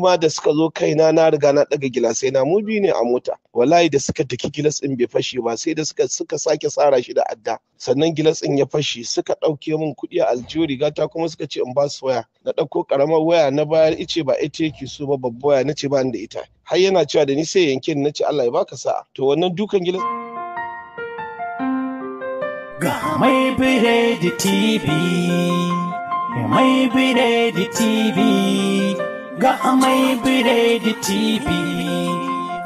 kuma da suka zo kaina na riga na daga gilasai na mu biyu ne a mota wallahi da suka daki gilas din bai fashe ba sai da suka suka sake tsara shi da adda sannan gilas din ya fashe suka dauke min kuɗi a aljihu rigata kuma suka ce in ba su waya na dauko karamar waya na bayar ice ba ita yake so ba babba waya nace ba ni da ita har yana cewa da ni sai yanke ni nace Allah ya baka sa'a to wannan dukan gilas ga mai biredi tv mai biredi tv ga mai biredi TV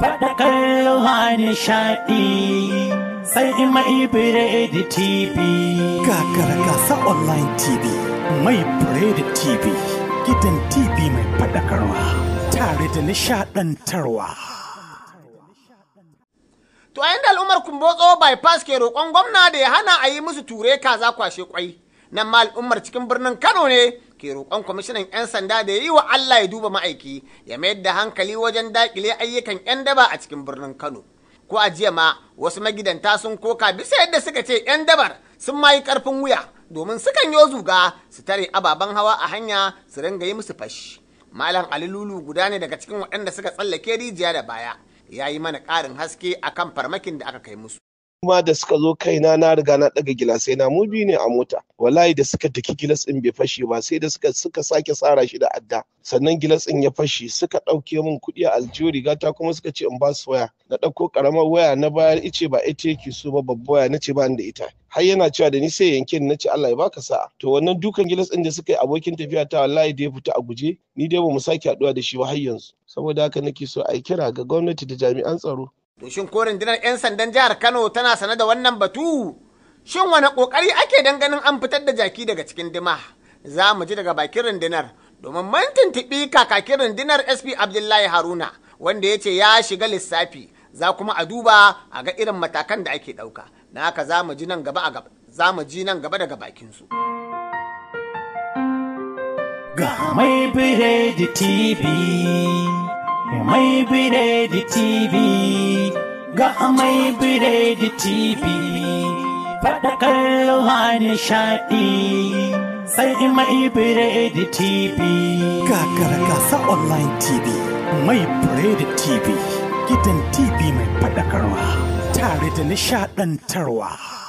faɗakar ruwa nishaɗi sai mai biredi TV. Kakara gasa online TV mai biredi TV gidan TV mai faɗakarwa tare da nishaɗantarwa. To yayin da al'ummar Kumbotso bypass ke roƙon gwamna da ya hana a yi musu ture kaza kwashe kwai. Nan ma al'ummar cikin birnin Kano ne ke roƙon kwamishinan 'yan sanda da ya yi wa Allah ya duba ma'aiki ya mayar da hankali wajen daƙile ayyukan 'yan daba a cikin birnin Kano. Ko a jiya ma wasu magidanta sun koka bisa yadda suka ce 'yan dabar sun ma yi ƙarfin wuya domin sukan yo zuga su tare ababen hawa a hanya su ringa yi musu fashi. Malam Ali Lulu guda ne daga cikin waɗanda suka tsallake rijiya da baya. Ya yi mana ƙarin haske akan farmakin da aka kai musu. Kuma da suka zo kaina na riga na daga gilasai na mu biyu ne a mota wallahi da suka taki gilas din bai fashe ba sai da suka suka sake tsara shi da adda sannan gilas din ya fashe suka dauke min kuɗi a aljihu riga kuma suka ce in ba su waya na dauko karamar waya na bayar ice ba ita yake so ba babba waya nace ba ni da ita har yana cewa da ni sai yanke ni nace Allah ya baka sa'a to wannan dukan gilas din da suka yi abokin tafiya ta wallahi da ya fita a guje ni dai ba mu sake haduwa da shi ba har yanzu saboda haka nake so a kira ga gwamnati da jami'an tsaro shin ko rundunar 'yan sandan jihar kano tana sane da wannan batu shin wani kokari ake dan ganin an fitar da jaki daga cikin dima za mu ji daga bakin rundunar domin mun tuntuɓi kakakin rundunar sp abdullahi haruna wanda ya ce ya shiga lissafi za kuma a duba a ga irin matakan da ake ɗauka na haka za mu ji nan gaba za mu ji nan gaba daga bakinsu. Ga mai da TV Mai Biredi TV ga Mai Biredi TV faɗakar ruwa nishaɗi sai Mai Biredi TV. Kakar gasa online TV Mai Biredi TV gidan TV mai faɗakarwa tare da nishaɗantarwa.